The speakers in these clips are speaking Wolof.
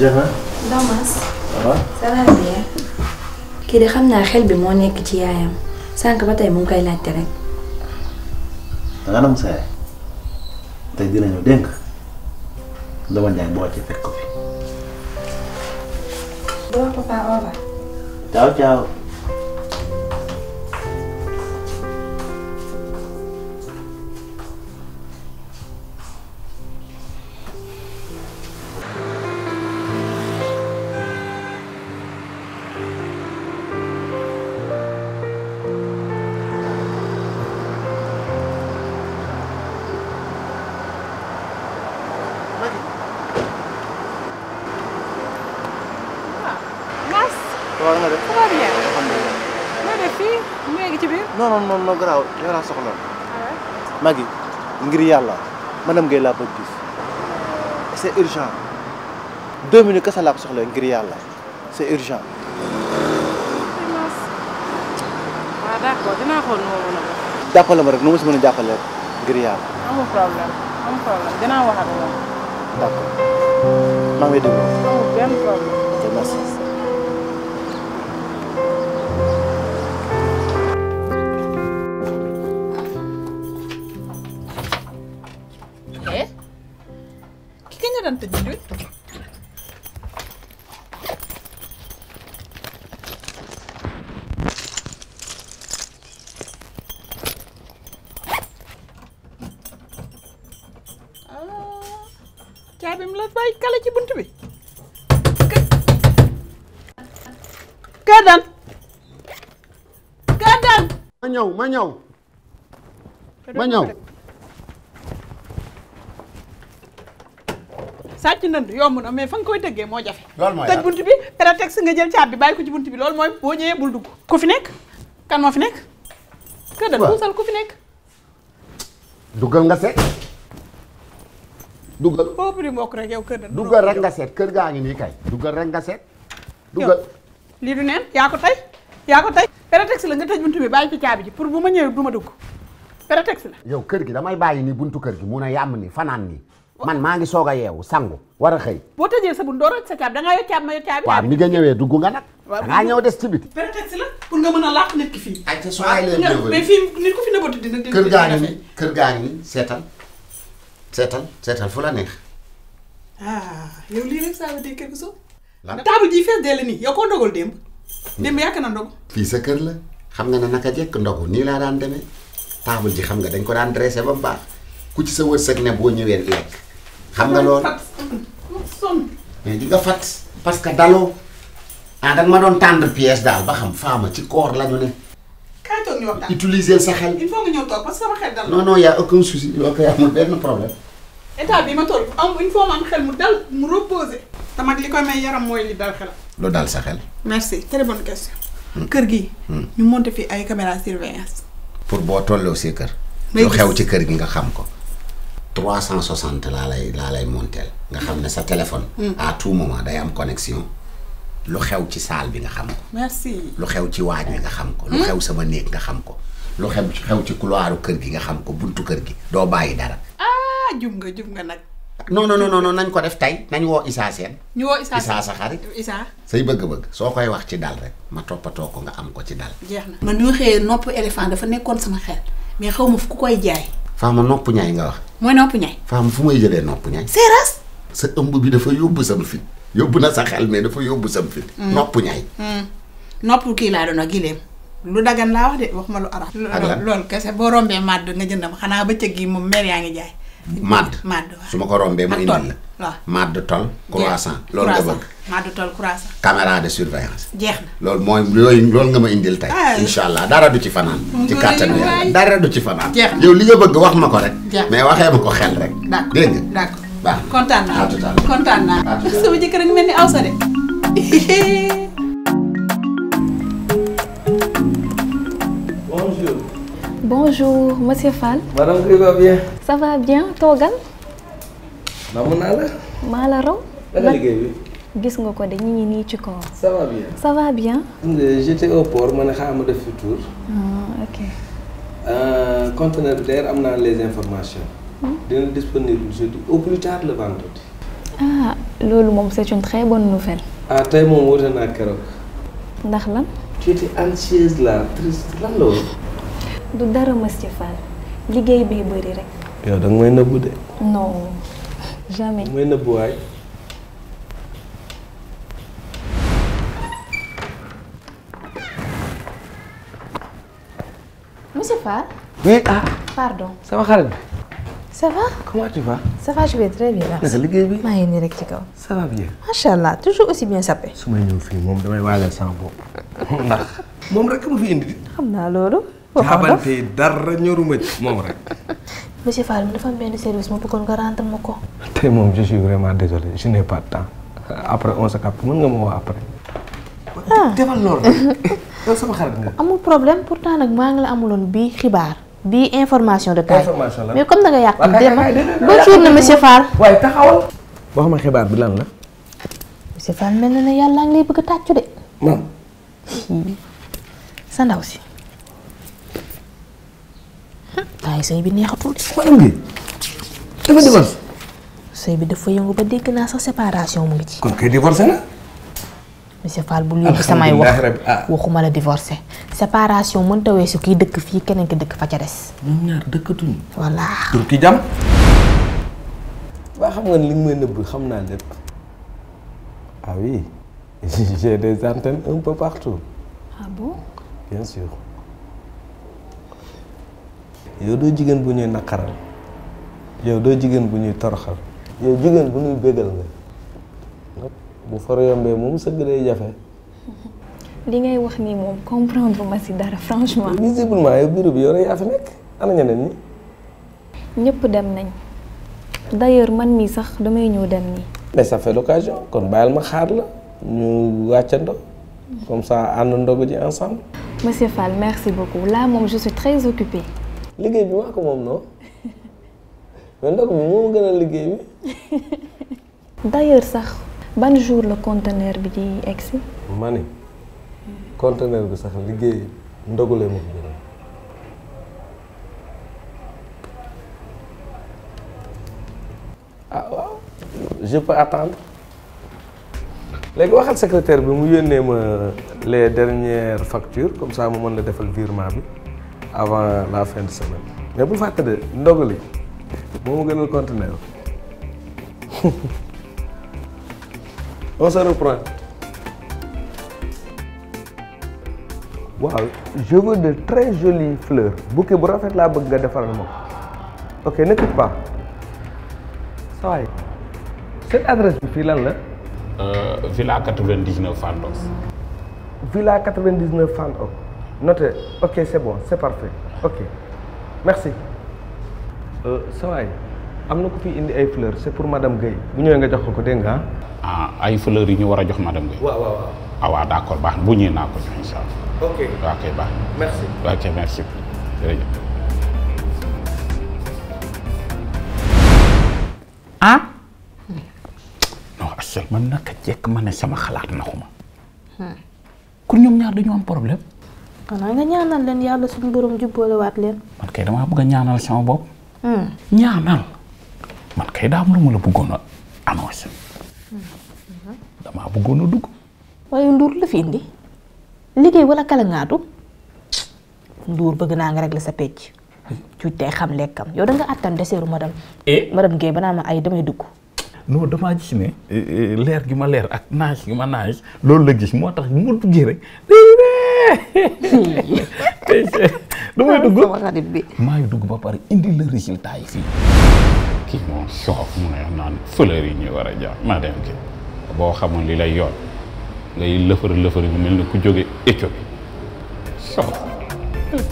Jaxa. Damas. waaw ça va bien. kii de xam naa xel bi moo nekk ci yaayam sànq ba tey mu ngi koy laajte rek. nga nam sa yaay tey dinañu dénk dama Ndiaye boo ci fekk ko fi. bon papa au revoir. ciao ciao. waaw nga def. ça va bien. alhamdulilah. loo def fii néegi ci biir. non non non non garaaw yow laa soxla. Magui ngir yàlla madame Guèye laa bëgg gis. c'est urgent. deux minutes kese laa ko soxla ngir yàlla c'est urgent. waaw d'accord dinaa xool nu ma mën a def. jàppale ma rek nu ma si mën a jàppale rek ngir yàlla. amul problème amul problème dinaa wax ak yow. d'accord maa ngi lay déglu. amul benn problème. ok merci. caabi mu la bàyyi kale ci bunt bi kaadan kaadan ma ñëw ma ñëw ma ñëw sàcc ndënd yomb na mais fa nga koy tëggee moo jafe tëj bunt bi prétexte nga jël caabi bàyyi ko ci bunt bi lool mooy boo ñëwee bul dugg ku fi nekk kan moo fi nekk kaadan buusal ku fi nekk duggal nga seet dugal foofu di mbokk rek yow kër dugal rek nga seet kër gaa ngi nii kay. dugal rek nga seet. dugal lii du neen yaa ko tey yaa ko tey. prétexte la nga tëj buntu bi bàyyi ci caabi ji pour bu ma ñëwee du ma dugg prétexte la. yow kër gi damay bàyyi nii buntu kër gi mun a yàmm ni fanaan ni man maa ngi soog a yeewu sangu war a xëy. boo tëjee sa bunt doo rëcc sa caabi da ngaa yor caabi ma yor caabi. waaw mi nga ñëwee dugg nga nag. waaw da ngaa ñëw des ci biti. prétexte la pour nga mën a làq nit ki fii. ay te soo ay leen mais fii nit ku fi nëbëtu dina. kër gaa ngi nii kër gaa ngi nii seetal seetal seetal fu la neex. ah yow lii rek saa la dégg quelque chose. lan table fees dell nii yow koo ndogal démb. démb yàq na ndogu. fii sa kër la xam nga ne naka jekk ndogu nii laa daan demee table ji xam nga dañ ko daan dressé ba mu baax ku ci sa wërsëg ne boo ñëwee lekk. xam nga loolu mais di fat parce que daloo ah da ma doon tendre pièce daal ba xam faama ci koor lañu ne. ñu waxtaan utiliser sa xel. il faut nga ñëw toog parce que sama xel dal non non y' a aucun souci problème. bi ma toll am il faut ma am xel mu dal mu reposer. te mag li koy may yaram mooy li dal xel. lu dal sa xel. merci très bonne question. Hmm. kër gi hmm. ñu monté fi ay caméra surveillance. pour boo tolloo si kër. lu xew ci kër gi nga xam ko. 360 laa lay laa lay monteel nga xam ne sa téléphone. Hmm. à tout moment day am connexion. lu xew ci saal bi nga xam ko. merci lu xew ci waaj wi nga xam ko. lu xew sama néeg nga xam ko. lu xew ci xew ci couloiru kër gi nga xam ko buntu kër gi doo bàyyi dara. ah jub nga jub nga nag. non non non non nañ ko def tey nañ woo Issa seen. ñu woo Issa Issa sa xarit. Issa say bëgg-bëgg soo koy wax ci dal rek ma toppatoo ko nga am ko ci dal. jeex na man ñu xëyee nopp éléphant dafa nekkoon sama xel mais xaw ma fu ku koy jaay. Fama nopp ñaay nga wax. mooy nopp ñaay. Fama fu may jëlee nopp ñaay. séeras. sa ëmb bi dafa yóbbu sama fit yóbbu na sa xel mais dafa yóbbu sam noppu mm. nopp ñaay mm. kii laa doon a gileem lu dagan laa wax de wax ma lu arab loolu kese boo rombee màdd nga jëndam xanaa bëccëg gi moom mer yaa ngi jaay màdd màdd su ma ko rombee mu indi la waaw tol croissant loolu nga bëgg màdd tol croissant caméra de surveillance jeex na loolu mooy looyu loolu nga ma indil tey ah. insha allah dara du ci fanaan ci kàttan yàlla dara du ci fanaan jeex yow li nga bëgg wax ma ko rek mais waxee ma ko xel rek dégg nga baax na kontaan naa kontaan naa sama jëkkër ak mel ni aw sa de. bonjour. bonjour monsieur Fall. madame Guèye va bien. ça va bien toogal. namu naa la. maa la raw. naka liggéey bi. gis nga ko de ñu nii ci kaw. ça va bien ça va bien. j'étais au ma ne xaaral ma def fi tour. ah ok. Euh, conteneur am naa les information Ah, loolu moom c'est une très bonne nouvelle. ah tey moom wute naa keroog. ndax la woon. du dara monsieur liggéey bee bëri rek. yow da nga nëbbu de. non jamais. may nëbbu waay. Ah. sama xarit bi. ça va. comment très bien. merci naka liggéey bi maa ngi nii rek ci kaw. ça va bien. macha allah toujours aussi bien sapé. su ma ñëw fii moom damay waajal sama bopp ndax. moom rek ma fi indi. xam naa loolu. xamante dara ñoruma ci moom rek. monsieur Fall dafa am benn service ma bëggoon nga rendre ma ko. tey moom je suis vraiment désolé je n'ai pas de temps après on se capte mën nga ma woo après. ah defal loolu rek. yow sama xarit nga. amul problème pourtant nag maa ngi la amuloon bii xibaar. bi information de taille. information la mais comme na nga yàq. waaw kay na monsieur Fall. waaye taxawal. wax ma xibaar bi lan la. monsieur Fall mel na ne yàlla ngi lay bëgg tàccu de. Hmm. sa ndaw si. Hmm, taay sëy bi neexatul de. xoolal bi dafa yëngu ba dégg naa sax séparation mu ngi ci. kon kay divorce na. monsieur Fall bul yóbbu samay wax ah. waxuma la divorcé séparation mënta weesu kiy dëkk fii keneen ki dëkk fa ca des. ñoom ñaar dëkkatuñu. voilà tur ki jam. waa xam nga li may nëbb xam naa lépp ah ah yow doo jigéen bu ñuy naqaral yow doo jigéen bu ñuy toroxal yow jigéen bu ñuy bégal nga. bu faro yombee moom sëgg day jafe. li ngay wax nii moom comprendre ma si dara franchement. visiblement yow bureau bi yow yaa fi nekk ana ñeneen ñi. ñëpp dem nañ. d'ailleurs man mii sax damay ñëw dem nii. mais ça fait l'occasion kon bàyyil ma xaar la ñu wàccandoo comme ça ànd ndogu ji ensemble. monsieur Fall merci beaucoup là moom je suis très liggéey bi wax ko moom non mais ndogu bi gën a liggéey bi. d'ailleurs sax. ban jour la conteneur bi di egsi ma ni conteneur bi sax liggéey ndogulee ma ko gënal ah, waaw je peux attendre léegi waxal secrétaire bi mu yónnee ma les dernières facture comme ça mu mën la defal virement bi avant la fin de semaine mais bul fàtte de ndogali moo ma gënal conteneur on se reprend. waaw je veux de très jolies fleurs bouquet bu rafet laa bëgg nga defaral ma ok ne quitte pas saa waay cette adresse bi fii lan la. Euh, villa 99 Fandox. villa 99 Fandox noté ok c'est bon c'est parfait ok merci. saa euh, waay. am na ku fi indi ay fleurs c'est pour madame Guèye bu ñëwee nga jox ko ko dégg ah. ay fleurs yi ñu war a jox madame Guèye. waaw waaw waaw. ah waaw d'accord baax na bu ñëwee ah, na. Ah? naka jekk ma ne sama xalaat na xuma. Hmm. ku ñoom ñaar dañu am problème. xanaa nga ñaanal leen yàlla suñu borom jubboolewaat leen. man kay damaa bëgg ñaanal sama bopp. Hmm. ñaanal. man kay daam lu ma la bëggoon a annoncé damaa dugg. waaye Ndour la fi indi liggéey wala kala ngaatu Ndour bëgg naa nga régler sa pecc. cuuj tey xam lekkam yow da nga attan deseeru madame. eh madame ba naa ma ay damay dugg. Eh, eh, gi ma leer ak naaj gi ma loolu la gis moo tax mu duggee rek damay dugg maa dugg ba pare indi la résultat fii. kii moom soof mu neex naan fleur yi ñu war a jaar maa dem ki boo xamoon li lay yoon ngay lëfër lëfër yu mel ni ku jóge Éthiopie soof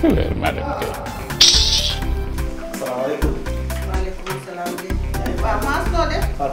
fleur maa dem ki salaamaaleykum maaleykum salaam ah,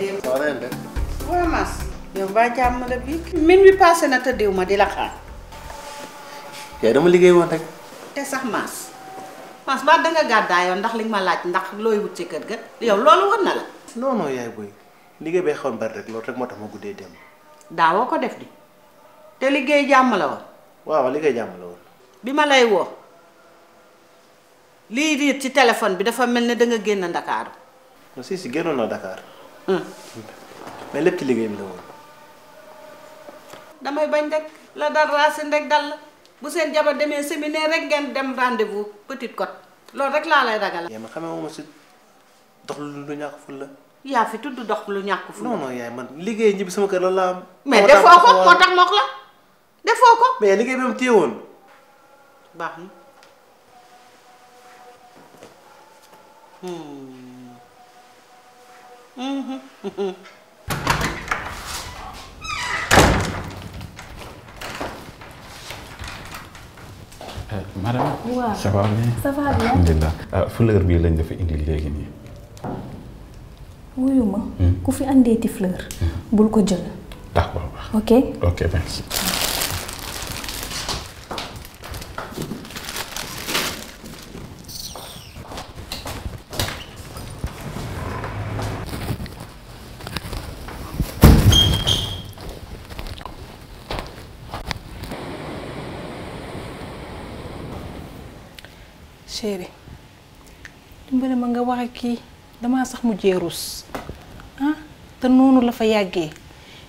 de waaw Mass yow mbaa jàmm la bi min bi passé na tëddiw ma di la xaar yaay dama liggéey woon te sax Mass pense ba danga gàddaayoon ndax li nga ma laaj ndax looy wut ci kër ga yow loolu war na la. non non yaay booy liggéey bee xawoon bari rek loolu rek moo tax ma guddee dem. daawoo ko def di te liggéey jàmm la woon. waaw liggéey jàmm la woon. bi ma lay woo lii riir ci téléphone bi dafa mel ne danga génn Ndakaaru. non si si génnoon na Dakar. lépp ci liggéey bi la woon. damay bañ rek la dal raasin rek dal bu seen jabar demee séminaire rek ngeen dem rendez-vous Petite Côte loolu rek laa lay ragal. yaay ma xamee moom si dox lu ñàkk ful la. yaa fi tudd dox lu ñàkk ful. non non liggéey ñibbi sama kër la la am. mais defoo ko moo tax mook la defoo ko. mais liggéey bi mu téye baax na. Hmm. Hmm. madame. waaw ça va bien ah, fleur bii lañ dafa indi léegi nii. wuyu hmm? ku fi andeeti fleur. Hmm. bul ko jël. d'accord ah, ok ok merci. damaa sax mujjee rus ah te noonu la fa yàggee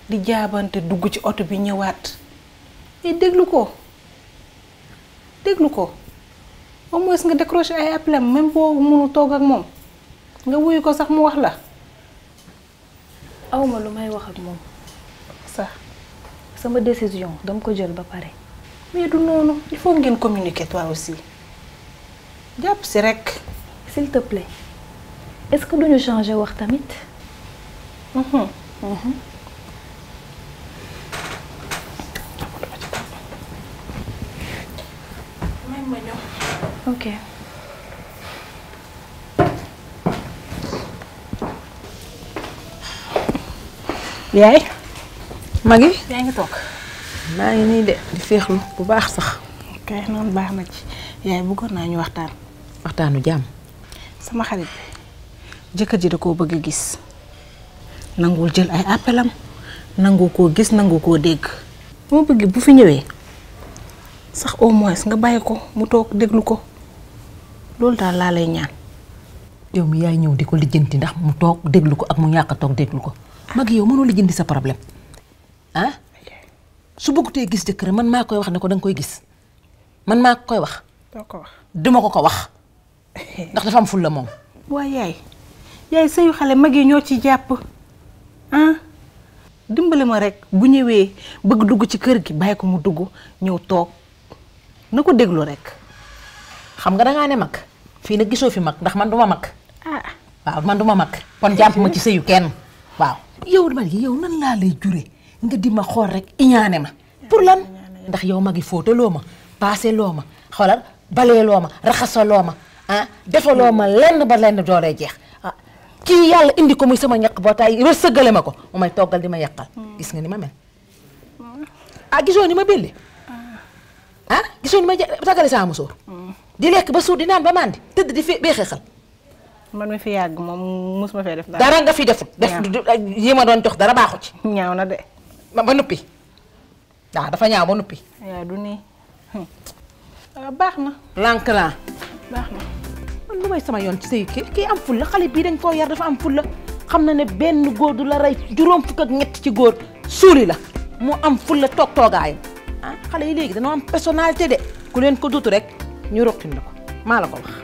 di jaabante dugg ci oto bi ñëwaat eh, déglu ko déglu ko au nga décroché ay appel même boo toog ak moom nga wuyu ko sax mu wax la. awma lu may wax moom sax sama décision dama ko jël ba pare. mais du noonu il faut ngeen communiquer toi aussi jàpp si rekk. s'il te plaît. est-ce que duñu changer wax tamit. Mm-hmm. Mm-hmm. ok. yaay. magi yaa ngi toog. maa ngi nii de di féexlu bu baax sax. kay noonu baax na ci yaay bëggoon naa ñu waxtaan. waxtaanu jàmm. sama xarit jëkkër ji da koo bëgg a gis nanguwul jël ay appelam nangu koo gis nangu koo dégg bu ma bëgg bu fi ñëwee sax au moins nga bàyyi ko mu toog déglu ko loolu daal laa lay ñaan yow mi yaay ñëw di ko lijjanti ndax mu toog déglu ko ak mu ñàkk toog déglu ko mag yow mënoo lijjanti sa problème ah su bëggutee gis jëkkër man maa koy wax ne ko danga koy gis man maa koy wax duma ko ko wax ndax dafa am la moom waaye yaay yaay sëyu xale mag yi ñoo ci jàpp ah dimbali ma rek bu ñëwee bëgg dugg ci kër gi bàyyi ko mu dugg ñëw toog na ko déglu rek. xam nga da ne mag fii nag gisoo fi mag ndax man du ma mag. ah waaw man duma ma mag. kon jàpp ma ci sëyu kenn waaw. yow man yow nan laa lay jure nga ma xool rek iñaane ma pour yow magi fóotaloo ma paase loo ma xoolal balee loo ma raxasaloo ma ah defaloo ma lenn ba lenn doolee jeex. kii yàlla indi ko muy sama ñaq bootaay sëggale ma ko mu may toggal di ma yàqal hmm. gis nga ni ma mel ah gisoo ni ma belli hmm. ah gisoo ni ma tagale saa musóor hmm. di lekk ba suur di naan ba màndi tëdd di fi xal man mi fi yàgg moom mosuma fee def dara nga fi defut def yi ma doon jox dara baaxu ci ñaaw na de ba nuppi waaw ah, dafa ñaaw ba nuppi waaw du nii ah, baax na lànk naa may sama yoon ci say kii kii am fulla xale bii dañ foo yar dafa am fulla xam na ne benn góor du la rey juróom fukk ak ñett ci góor suuli la mu am fulla toog toogaayam ah xale yi léegi dañoo am personnalité de ku leen ko duutu rek ñu roqin la ko maa la ko wax